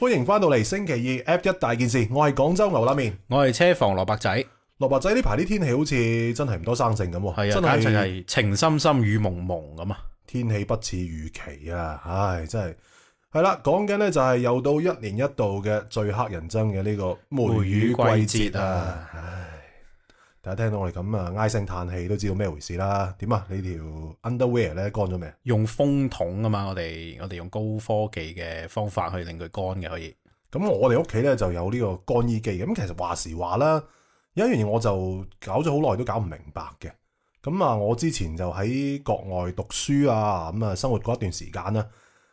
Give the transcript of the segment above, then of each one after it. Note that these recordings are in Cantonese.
歡迎翻到嚟星期二 F1 大件事，我係廣州牛腩麵，我係車房蘿蔔仔，蘿蔔仔呢排啲天氣好似真係唔多生性咁，係啊的，真係的情深深雨蒙蒙咁啊，天氣不似預期啊，唉，真係係啦，講緊呢就係又到一年一度嘅最黑人憎嘅呢個梅雨季節啊。大家聽到我哋咁啊，唉聲嘆氣，都知道咩回事啦？點啊？你條 underwear 咧乾咗未？用風筒啊嘛！我哋我哋用高科技嘅方法去令佢乾嘅可以。咁、嗯、我哋屋企咧就有呢個乾衣機。咁其實話時話啦，有一樣嘢我就搞咗好耐都搞唔明白嘅。咁、嗯、啊，我之前就喺國外讀書啊，咁、嗯、啊生活過一段時間啦。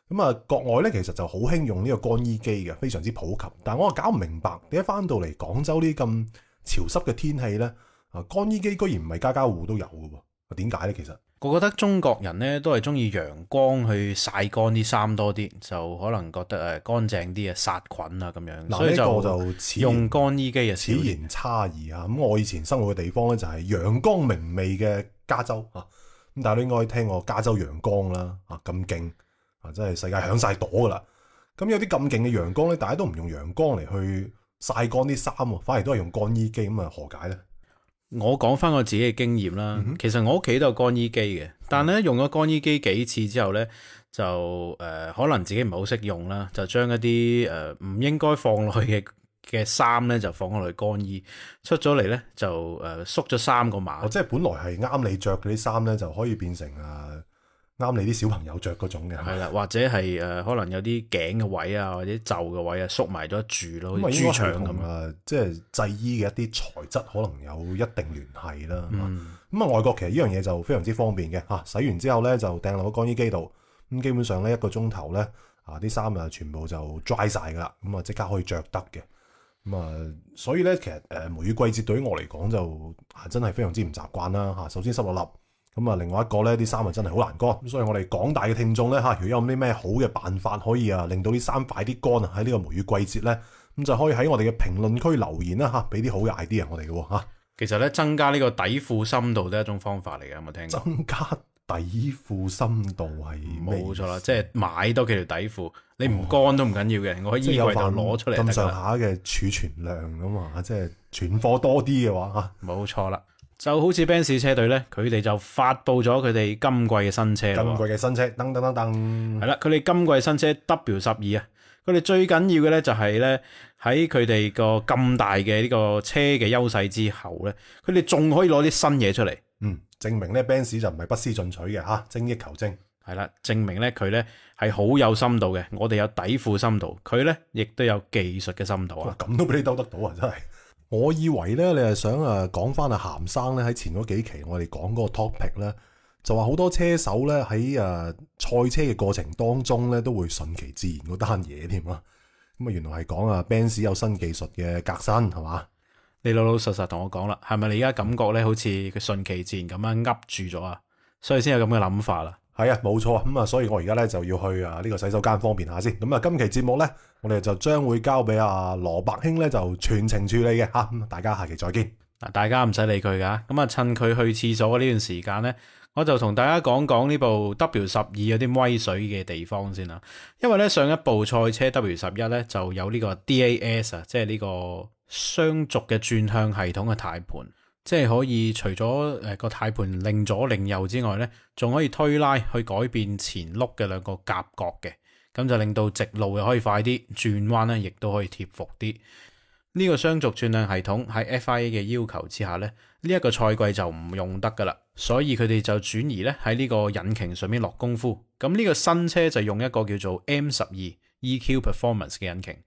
咁、嗯、啊，國外咧其實就好興用呢個乾衣機嘅，非常之普及。但係我又搞唔明白，點解翻到嚟廣州這這濕呢咁潮濕嘅天氣咧？啊，乾衣機居然唔係家家戶戶都有嘅喎，點解呢？其實我覺得中國人呢都係中意陽光去曬乾啲衫多啲，就可能覺得誒乾淨啲啊，殺菌啊咁樣。嗱，呢個就用乾衣機啊，此言差異啊。咁我以前生活嘅地方呢，就係陽光明媚嘅加州啊，咁但係都應該聽過加州陽光啦啊，咁勁啊，真係世界響晒朵噶啦。咁、啊嗯、有啲咁勁嘅陽光呢，大家都唔用陽光嚟去曬乾啲衫，反而都係用乾衣機，咁啊何解呢？我講翻我自己嘅經驗啦，嗯、哼其實我屋企都有乾衣機嘅，但係咧用咗乾衣機幾次之後咧，就誒、呃、可能自己唔係好識用啦，就將一啲誒唔應該放落去嘅嘅衫咧就放落去乾衣，出咗嚟咧就誒縮咗三個碼，即係本來係啱你着嘅啲衫咧就可以變成啊。啱你啲小朋友着嗰種嘅，係啦，或者係誒，可能有啲頸嘅位啊，或者袖嘅位啊，縮埋咗住柱咯，好似豬腸咁啊，即係製衣嘅一啲材質可能有一定聯繫啦。咁、嗯、啊，um. 外國其實呢樣嘢就非常之方便嘅吓、啊，洗完之後咧就掟落去乾衣機度，咁基本上咧一個鐘頭咧啊啲衫啊全部就 dry 晒噶啦，咁啊即刻可以着得嘅。咁啊，所以咧其實誒梅雨季節對於我嚟講就真係非常之唔習慣啦吓，首先濕立立。fell Stanley nesse 咁啊，另外一個咧，啲衫啊真係好難乾，咁所以我哋廣大嘅聽眾咧嚇，如果有啲咩好嘅辦法可以啊，令到啲衫快啲乾啊，喺呢個梅雨季節咧，咁就可以喺我哋嘅評論區留言啦嚇，俾啲好嘅 idea 我哋嘅嚇。其實咧，增加呢個底褲深度都係一種方法嚟嘅，有冇聽過？增加底褲深度係冇錯啦，即係買多幾條底褲，你唔乾都唔緊要嘅，哦、我可以依法攞出嚟。咁上下嘅儲存量啊嘛，即係存貨多啲嘅話嚇，冇錯啦。就好似 Benz 車隊咧，佢哋就發佈咗佢哋今季嘅新車。今季嘅新車，噔噔噔噔，係啦，佢哋今季新車 W12 啊！佢哋最緊要嘅咧就係咧，喺佢哋個咁大嘅呢個車嘅優勢之後咧，佢哋仲可以攞啲新嘢出嚟。嗯，證明咧 Benz 就唔係不思進取嘅吓、啊，精益求精係啦，證明咧佢咧係好有深度嘅。我哋有底褲深度，佢咧亦都有技術嘅深度啊！咁都俾你兜得到啊！真係。我以為咧，你係想啊講翻啊咸生咧，喺前嗰幾期我哋講嗰個 topic 咧，就話好多車手咧喺誒賽車嘅過程當中咧都會順其自然嗰單嘢添咯。咁啊原來係講啊 Benz 有新技術嘅革新，係嘛？你老老實實同我講啦，係咪你而家感覺咧好似佢順其自然咁樣噏住咗啊？所以先有咁嘅諗法啦。係啊，冇錯啊，咁啊，所以我而家咧就要去啊呢個洗手間方便下先。咁啊，今期節目咧，我哋就將會交俾阿羅伯兄咧就全程處理嘅吓。咁大家下期再見。嗱，大家唔使理佢噶，咁啊趁佢去廁所呢段時間咧，我就同大家講講呢部 W 十二，有啲威水嘅地方先啦。因為咧上一部賽車 W 十一咧就有呢個 DAS 啊，即係呢個雙軸嘅轉向系統嘅軚盤。即係可以除咗誒、呃、個軚盤擰左擰右之外呢，仲可以推拉去改變前轆嘅兩個夾角嘅。咁就令到直路又可以快啲，轉彎咧亦都可以貼服啲。呢、這個雙軸轉向系統喺 FIA 嘅要求之下呢呢一、這個賽季就唔用得噶啦，所以佢哋就轉移咧喺呢個引擎上面落功夫。咁呢個新車就用一個叫做 M 十二 EQ Performance 嘅引擎。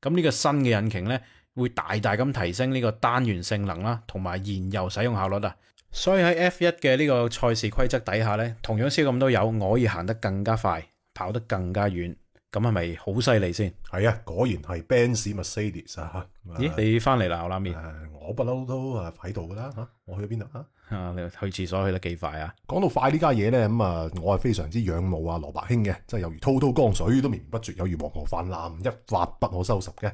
咁呢個新嘅引擎呢。會大大咁提升呢個單元性能啦，同埋燃油使用效率啊！所以喺 F1 嘅呢個賽事規則底下咧，同樣燒咁多油，我可以行得更加快，跑得更加遠，咁係咪好犀利先？係啊，果然係 Benz Mercedes 啊！咦，你翻嚟啦，牛腩麵。我不嬲都啊喺度噶啦吓，我去咗邊度啊？你去廁所去得幾快啊？講到快呢家嘢咧，咁啊，我係非常之仰慕啊，蘿伯兄嘅，即係有如滔滔江水都綿綿不絕，有如黃河泛濫一發不可收拾嘅。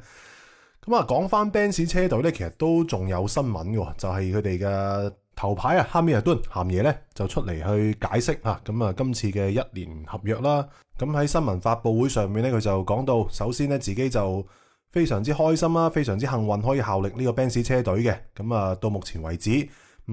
咁啊，講翻 Benz 車隊咧，其實都仲有新聞嘅喎，就係佢哋嘅頭牌啊，哈米亞端咸爺咧就出嚟去解釋啊。咁啊，今次嘅一年合約啦，咁、嗯、喺新聞發佈會上面咧，佢就講到首先咧，自己就非常之開心啦，非常之幸運可以效力呢個 Benz 車隊嘅。咁、嗯、啊，到目前為止咁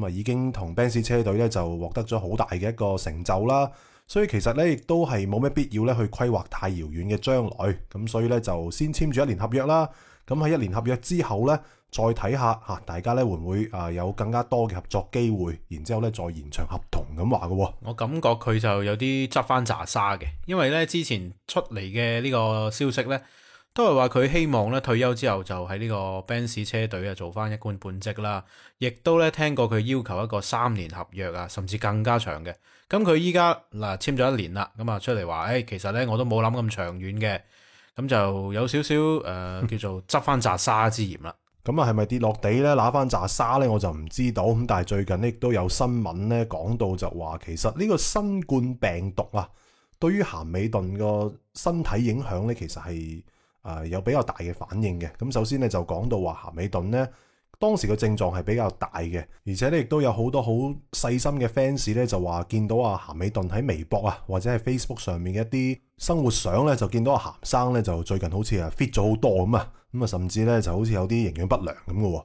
啊、嗯，已經同 Benz 車隊咧就獲得咗好大嘅一個成就啦。所以其實咧，亦都係冇咩必要咧去規劃太遙遠嘅將來咁，所以咧就先簽住一年合約啦。咁喺一年合約之後呢，再睇下嚇，大家呢會唔會啊有更加多嘅合作機會？然之後呢再延長合同咁話嘅喎。我感覺佢就有啲執翻渣沙嘅，因為呢之前出嚟嘅呢個消息呢，都係話佢希望呢退休之後就喺呢個 Benz 車隊啊做翻一官半職啦。亦都呢聽過佢要求一個三年合約啊，甚至更加長嘅。咁佢依家嗱簽咗一年啦，咁啊出嚟話誒，其實呢我都冇諗咁長遠嘅。咁就有少少誒、呃，叫做執翻扎沙之嫌啦。咁啊、嗯，係咪跌落地咧，攞翻扎沙咧，我就唔知道。咁但係最近亦都有新聞咧，講到就話，其實呢個新冠病毒啊，對於咸美頓個身體影響咧，其實係誒、呃、有比較大嘅反應嘅。咁首先咧就講到話咸美頓咧當時嘅症狀係比較大嘅，而且咧亦都有好多好細心嘅 fans 咧就話見到阿、啊、咸美頓喺微博啊或者係 Facebook 上面嘅一啲。生活相咧就見到阿鹹生咧就最近好似啊 fit 咗好多咁啊，咁啊甚至咧就好似有啲營養不良咁嘅，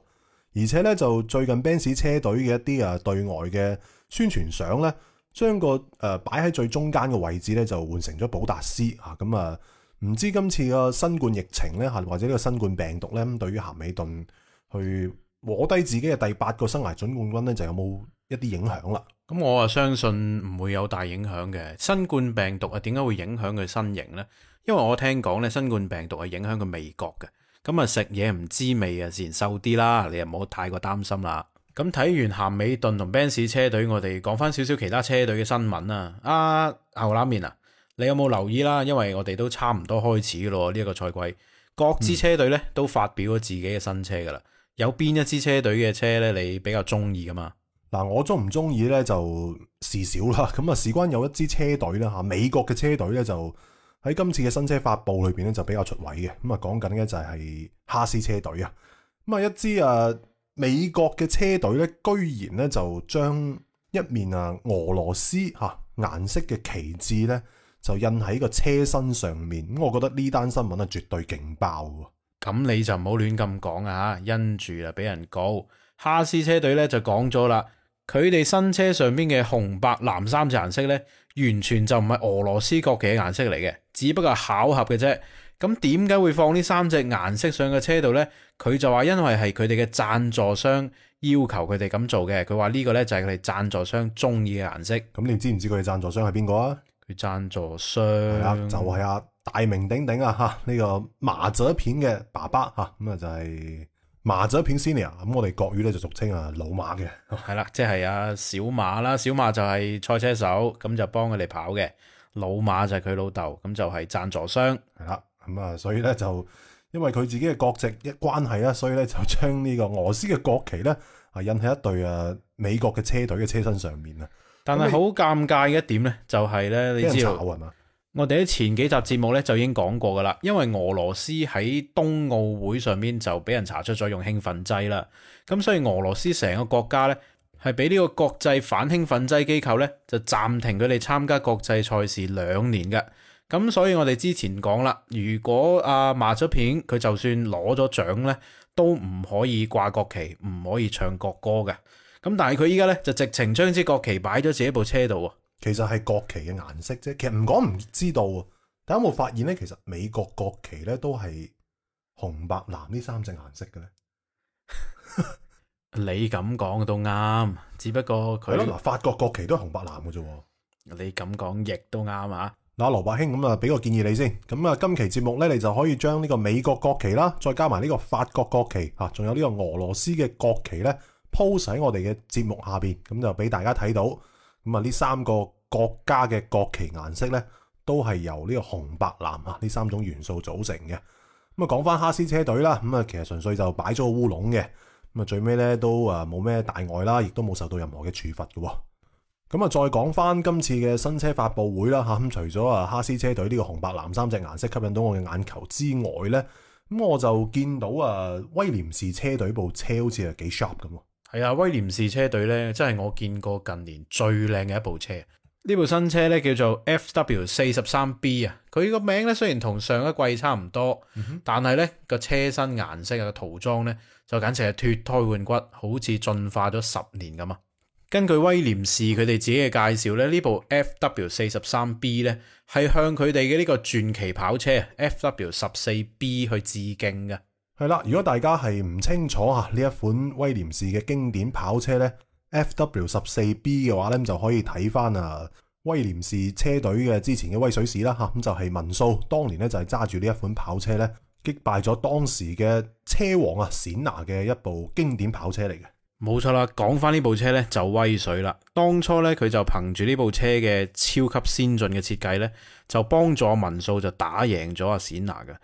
而且咧就最近 Benz 車隊嘅一啲啊對外嘅宣傳相咧，將個誒擺喺最中間嘅位置咧就換成咗寶達斯嚇，咁啊唔知今次嘅新冠疫情咧嚇或者呢個新冠病毒咧咁對於鹹美頓去攞低自己嘅第八個生涯準冠軍咧就有冇一啲影響啦？咁我啊相信唔會有大影響嘅，新冠病毒啊點解會影響佢身形呢？因為我聽講咧，新冠病毒係影響佢味覺嘅。咁啊食嘢唔知味啊，自然瘦啲啦。你又唔好太過擔心啦。咁睇完鹹美頓同 Ben’s 車隊，我哋講翻少少其他車隊嘅新聞啊。啊，牛腩麵啊，你有冇留意啦？因為我哋都差唔多開始咯，呢一個賽季各支車隊咧都發表咗自己嘅新車噶啦。嗯。有邊一支車隊嘅車咧，你比較中意噶嘛？嗱，我中唔中意呢，就事少啦。咁啊，事關有一支車隊啦吓，美國嘅車隊呢，就喺今次嘅新車發佈裏邊呢，就比較出位嘅。咁啊，講緊呢，就係哈斯車隊啊。咁啊，一支啊美國嘅車隊呢，居然呢，就將一面啊俄羅斯吓顏色嘅旗幟呢，就印喺個車身上面。咁我覺得呢單新聞啊絕對勁爆啊！咁你就唔好亂咁講啊，因住啊俾人告。哈斯車隊呢，就講咗啦。佢哋新車上邊嘅紅白藍三隻顏色咧，完全就唔係俄羅斯國旗嘅顏色嚟嘅，只不過係巧合嘅啫。咁點解會放呢三隻顏色上嘅車度咧？佢就話因為係佢哋嘅贊助商要求佢哋咁做嘅。佢話呢個咧就係佢哋贊助商中意嘅顏色。咁你知唔知佢哋贊助商係邊個啊？佢贊助商、啊、就係、是、阿、啊、大名鼎鼎啊吓，呢、這個麻雀片嘅爸爸吓，咁啊就係、是。麻咗一片 Senior，咁我哋國語咧就俗稱啊老馬嘅，係 啦，即係阿小馬啦，小馬就係賽車手，咁就幫佢哋跑嘅。老馬就係佢老豆，咁就係贊助商，係啦，咁啊，所以咧就因為佢自己嘅國籍嘅關係啦，所以咧就將呢個俄羅斯嘅國旗咧，係印喺一隊啊美國嘅車隊嘅車身上面啊。但係好尷尬嘅一點咧，就係咧，你知道。我哋喺前幾集節目咧就已經講過噶啦，因為俄羅斯喺冬奧會上面就俾人查出咗用興奮劑啦，咁所以俄羅斯成個國家咧係俾呢個國際反興奮劑機構咧就暫停佢哋參加國際賽事兩年嘅。咁所以我哋之前講啦，如果阿麻卓片佢就算攞咗獎咧，都唔可以掛國旗，唔可以唱國歌嘅。咁但係佢依家咧就直情將支國旗擺咗自己部車度。其實係國旗嘅顏色啫，其實唔講唔知道，啊，大家有冇發現咧？其實美國國旗咧都係紅白藍呢三隻顏色嘅咧。 你咁講都啱，只不過佢係咯，法國國旗都係紅白藍嘅啫。你咁講亦都啱啊！嗱，羅伯兄咁啊，俾個建議你先，咁啊，今期節目咧，你就可以將呢個美國國旗啦，再加埋呢個法國國旗啊，仲有呢個俄羅斯嘅國旗咧，鋪晒喺我哋嘅節目下邊，咁就俾大家睇到。咁啊，呢三個國家嘅國旗顏色呢，都係由呢個紅、白、藍啊呢三種元素組成嘅。咁啊，講翻哈斯車隊啦，咁啊，其實純粹就擺咗個烏龍嘅。咁啊，最尾呢，都啊冇咩大礙啦，亦都冇受到任何嘅處罰嘅。咁啊，再講翻今次嘅新車發布會啦嚇，除咗啊哈斯車隊呢個紅、白、藍三隻顏色吸引到我嘅眼球之外呢，咁我就見到啊威廉士車隊部車好似係幾 sharp 咁。係啊，威廉士車隊咧，真係我見過近年最靚嘅一部車。呢部新車咧叫做 F.W. 四十三 B 啊，佢個名咧雖然同上一季差唔多，嗯、哼但係咧個車身顏色嘅塗裝咧就簡直係脫胎換骨，好似進化咗十年咁啊！根據威廉士佢哋自己嘅介紹咧，呢部 F.W. 四十三 B 咧係向佢哋嘅呢個傳奇跑車 F.W. 十四 B 去致敬嘅。係啦，如果大家係唔清楚啊呢一款威廉士嘅經典跑車呢 FW14B 嘅話呢，就可以睇翻啊威廉士車隊嘅之前嘅威水史啦，吓、啊、咁就係、是、文素當年呢就係揸住呢一款跑車呢，擊敗咗當時嘅車王啊冼拿嘅一部經典跑車嚟嘅。冇錯啦，講翻呢部車呢，就威水啦，當初呢，佢就憑住呢部車嘅超級先進嘅設計呢，就幫助文素就打贏咗阿冼拿嘅。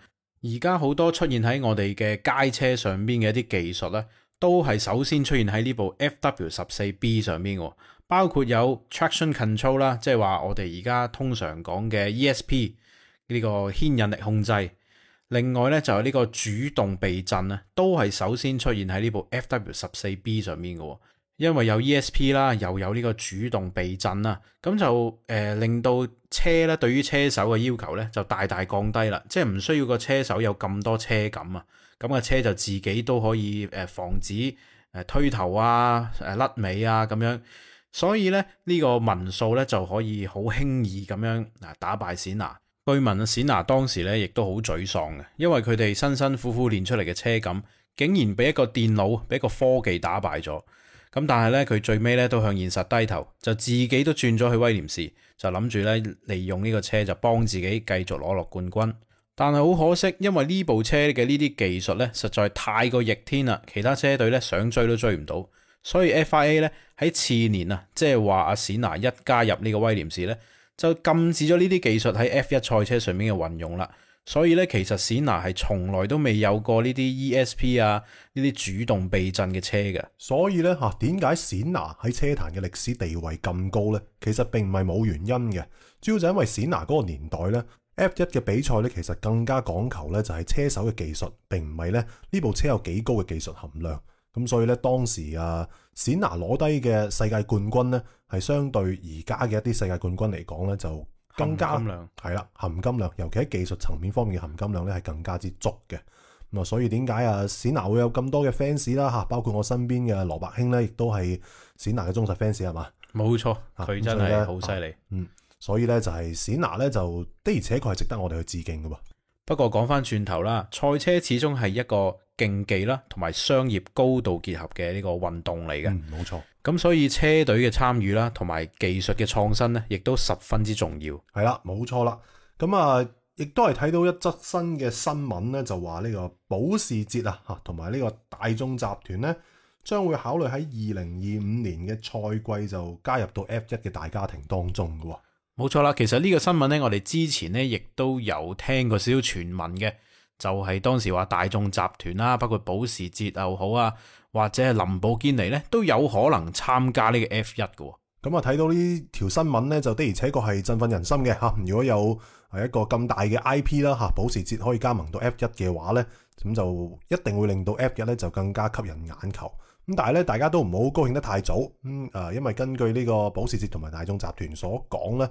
而家好多出現喺我哋嘅街車上邊嘅一啲技術咧，都係首先出現喺呢部 F W 十四 B 上面嘅，包括有 traction control 啦，即係話我哋而家通常講嘅 E S P 呢個牽引力控制。另外咧就係呢個主動避震咧，都係首先出現喺呢部 F W 十四 B 上面嘅。因為有 ESP 啦，又有呢個主動避震啦，咁就誒、呃、令到車咧對於車手嘅要求咧就大大降低啦，即係唔需要個車手有咁多車感啊，咁個車就自己都可以誒、呃、防止誒、呃、推頭啊，誒、呃、甩尾啊咁樣，所以咧呢、呢個文素咧就可以好輕易咁樣啊打敗冼娜。據聞冼娜當時咧亦都好沮喪嘅，因為佢哋辛辛苦苦練出嚟嘅車感，竟然俾一個電腦、俾一個科技打敗咗。咁但係咧，佢最尾咧都向現實低頭，就自己都轉咗去威廉士，就諗住咧利用呢個車就幫自己繼續攞落冠軍。但係好可惜，因為呢部車嘅呢啲技術咧實在太過逆天啦，其他車隊咧想追都追唔到。所以 FIA 咧喺次年啊，即係話阿冼拿一加入呢個威廉士咧，就禁止咗呢啲技術喺 F 一賽車上面嘅運用啦。所以咧，其實冼拿係從來都未有過呢啲 ESP 啊，呢啲主動避震嘅車嘅。所以咧，吓點解冼拿喺車壇嘅歷史地位咁高呢？其實並唔係冇原因嘅，主要就因為冼拿嗰個年代咧，F 一嘅比賽咧，其實更加講求咧就係、是、車手嘅技術，並唔係咧呢部車有幾高嘅技術含量。咁所以咧，當時啊，冼拿攞低嘅世界冠軍咧，係相對而家嘅一啲世界冠軍嚟講咧就。更加量係啦，含金量尤其喺技術層面方面嘅含金量咧，係更加之足嘅。咁啊，所以點解啊冼拿會有咁多嘅 fans 啦嚇，包括我身邊嘅羅伯興咧，亦都係冼拿嘅忠實 fans 係嘛？冇錯，佢真係好犀利。嗯，所以咧就係冼拿咧就的而且確係值得我哋去致敬嘅喎。不過講翻轉頭啦，賽車始終係一個競技啦，同埋商業高度結合嘅呢個運動嚟嘅。嗯，冇錯。咁所以車隊嘅參與啦，同埋技術嘅創新咧，亦都十分之重要。係啦，冇錯啦。咁啊，亦都係睇到一則新嘅新聞咧，就話呢個保時捷啊吓，同埋呢個大眾集團咧，將會考慮喺二零二五年嘅賽季就加入到 F 一嘅大家庭當中噶。冇錯啦，其實呢個新聞呢，我哋之前呢亦都有聽過少少傳聞嘅，就係、是、當時話大眾集團啦，包括保時捷又好啊，或者係林寶堅尼呢，都有可能參加呢個 F 一嘅。咁啊，睇到呢條新聞呢，就的而且確係振奮人心嘅吓。如果有係一個咁大嘅 I P 啦吓，保時捷可以加盟到 F 一嘅話呢，咁就一定會令到 F 一呢就更加吸引眼球。咁但係咧，大家都唔好高興得太早。嗯，啊，因為根據呢個保時捷同埋大眾集團所講咧，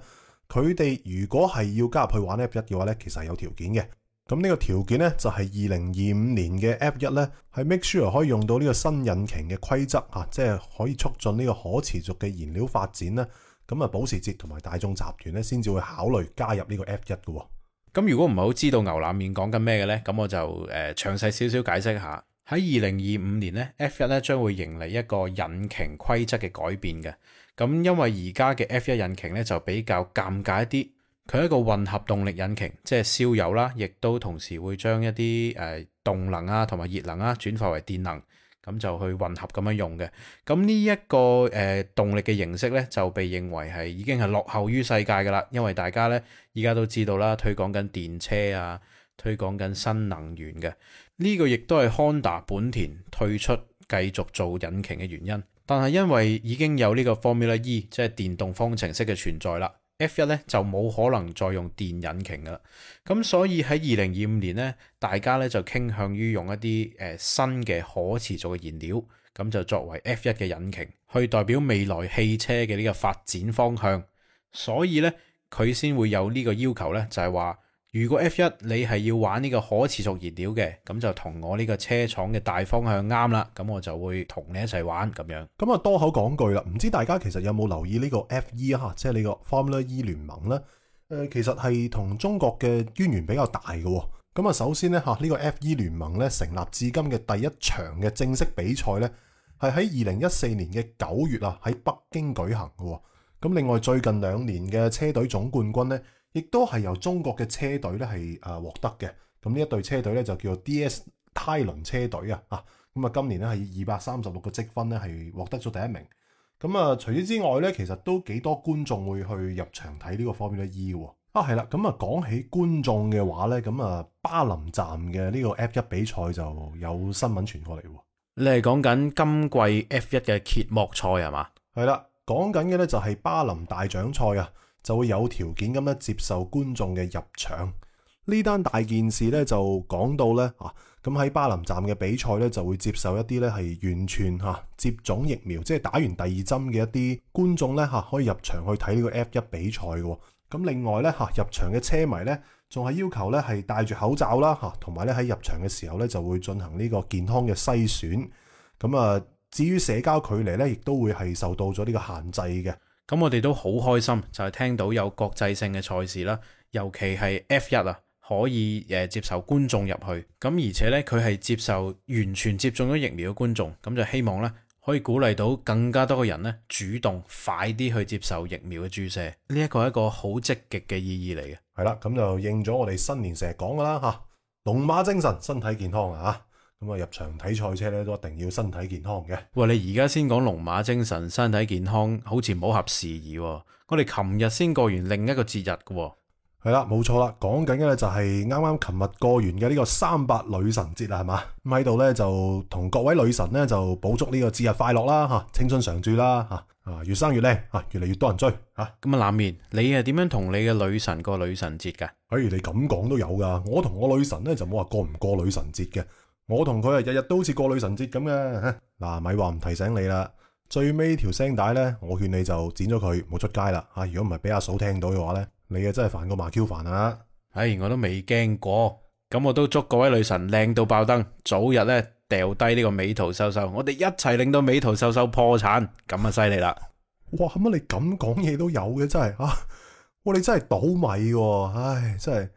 佢哋如果係要加入去玩 F 一嘅話咧，其實係有條件嘅。咁、嗯這個、呢個條件咧就係二零二五年嘅 F 一咧，係 Make sure 可以用到呢個新引擎嘅規則嚇，即係可以促進呢個可持續嘅燃料發展咧。咁、嗯、啊，保時捷同埋大眾集團咧先至會考慮加入呢個 F 一嘅。咁如果唔係好知道牛腩面講緊咩嘅咧，咁我就誒詳細少少解釋下。喺二零二五年咧，F 一咧將會迎嚟一個引擎規則嘅改變嘅。咁因為而家嘅 F 一引擎咧就比較尷尬一啲，佢係一個混合動力引擎，即係燒油啦，亦都同時會將一啲誒、呃、動能啊同埋熱能啊轉化為電能，咁就去混合咁樣用嘅。咁呢一個誒、呃、動力嘅形式咧就被認為係已經係落後於世界噶啦，因為大家咧而家都知道啦，推廣緊電車啊。推廣緊新能源嘅呢、這個亦都係康達本田退出繼續做引擎嘅原因，但係因為已經有呢個 Formula E 即係電動方程式嘅存在啦，F 一咧就冇可能再用電引擎噶啦，咁所以喺二零二五年呢，大家咧就傾向於用一啲誒、呃、新嘅可持續嘅燃料，咁就作為 F 一嘅引擎去代表未來汽車嘅呢個發展方向，所以咧佢先會有呢個要求咧，就係、是、話。如果 F 一你係要玩呢個可持續燃料嘅，咁就同我呢個車廠嘅大方向啱啦。咁我就會同你一齊玩咁樣。咁啊多口講句啦，唔知大家其實有冇留意呢個，個 F 一啊，即係呢個 Formula E 聯盟呢，誒、呃，其實係同中國嘅淵源比較大嘅。咁啊，首先呢，嚇、這、呢個 F 一聯盟咧成立至今嘅第一場嘅正式比賽呢，係喺二零一四年嘅九月啊，喺北京舉行嘅。咁另外最近兩年嘅車隊總冠軍呢，亦都係由中國嘅車隊咧係誒獲得嘅，咁呢一隊車隊咧就叫做 D.S. 泰倫車隊啊，吓咁啊，今年咧係二百三十六個積分咧係獲得咗第一名，咁啊除此之外咧，其實都幾多觀眾會去入場睇呢個方面嘅依喎，啊係啦，咁啊講起觀眾嘅話咧，咁啊巴林站嘅呢個 F 一比賽就有新聞傳過嚟喎，你係講緊今季 F 一嘅揭幕賽係嘛？係啦，講緊嘅咧就係巴林大獎賽啊。就會有條件咁咧接受觀眾嘅入場，呢單大件事咧就講到咧啊，咁喺巴林站嘅比賽咧就會接受一啲咧係完全嚇接種疫苗，即係打完第二針嘅一啲觀眾咧嚇，可以入場去睇呢個 F 一比賽嘅。咁另外咧嚇，入場嘅車迷咧仲係要求咧係戴住口罩啦嚇，同埋咧喺入場嘅時候咧就會進行呢個健康嘅篩選。咁啊至於社交距離咧，亦都會係受到咗呢個限制嘅。咁我哋都好開心，就係、是、聽到有國際性嘅賽事啦，尤其係 F1 啊，可以誒接受觀眾入去咁，而且呢，佢係接受完全接種咗疫苗嘅觀眾，咁就希望呢，可以鼓勵到更加多嘅人呢，主動快啲去接受疫苗嘅注射，呢、這個、一個係一個好積極嘅意義嚟嘅。係啦，咁就應咗我哋新年成日講噶啦吓，龍、啊、馬精神，身體健康啊吓。咁啊，入場睇賽車咧，都一定要身體健康嘅。喂，你而家先講龍馬精神，身體健康，好似唔好合時宜。我哋琴日先過完另一個節日噶，係啦，冇錯啦。講緊嘅咧就係啱啱琴日過完嘅呢個三八女神節啦，係嘛？咁喺度咧就同各位女神咧就補祝呢個節日快樂啦，吓青春常駐啦，吓啊越生越靚啊，越嚟越多人追啊。咁啊，冷面，你係點樣同你嘅女神過女神節嘅？哎，你咁講都有噶，我同我女神咧就冇話過唔過女神節嘅。我同佢啊，日日都好似過女神節咁嘅。嗱，咪話唔提醒你啦。最尾條聲帶呢，我勸你就剪咗佢，冇出街啦。吓、啊，如果唔係俾阿嫂聽到嘅話呢，你啊真係煩過馬 Q 煩啊！唉、哎，我都未驚過，咁我都祝各位女神靚到爆燈，早日呢掉低呢個美圖秀秀，我哋一齊令到美圖秀秀破產，咁啊犀利啦！哇，乜你咁講嘢都有嘅真係啊！哇，你真係倒米，唉，真係。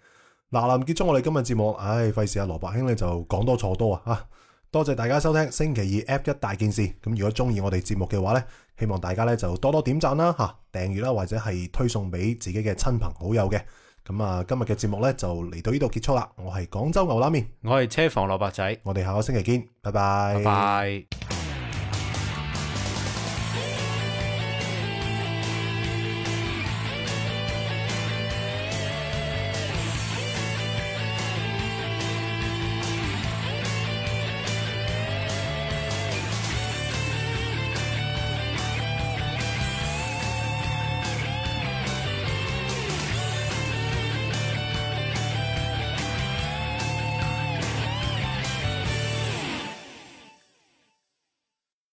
嗱，咁結束我哋今日節目，唉，費事啊，蘿伯兄呢就講多錯多啊，吓，多謝大家收聽星期二 F 一大件事，咁如果中意我哋節目嘅話呢，希望大家呢就多多點讚啦，吓、啊，訂閱啦，或者係推送俾自己嘅親朋好友嘅，咁啊，今日嘅節目呢就嚟到呢度結束啦，我係廣州牛腩麵，我係車房蘿蔔仔，我哋下個星期見，拜拜。拜拜。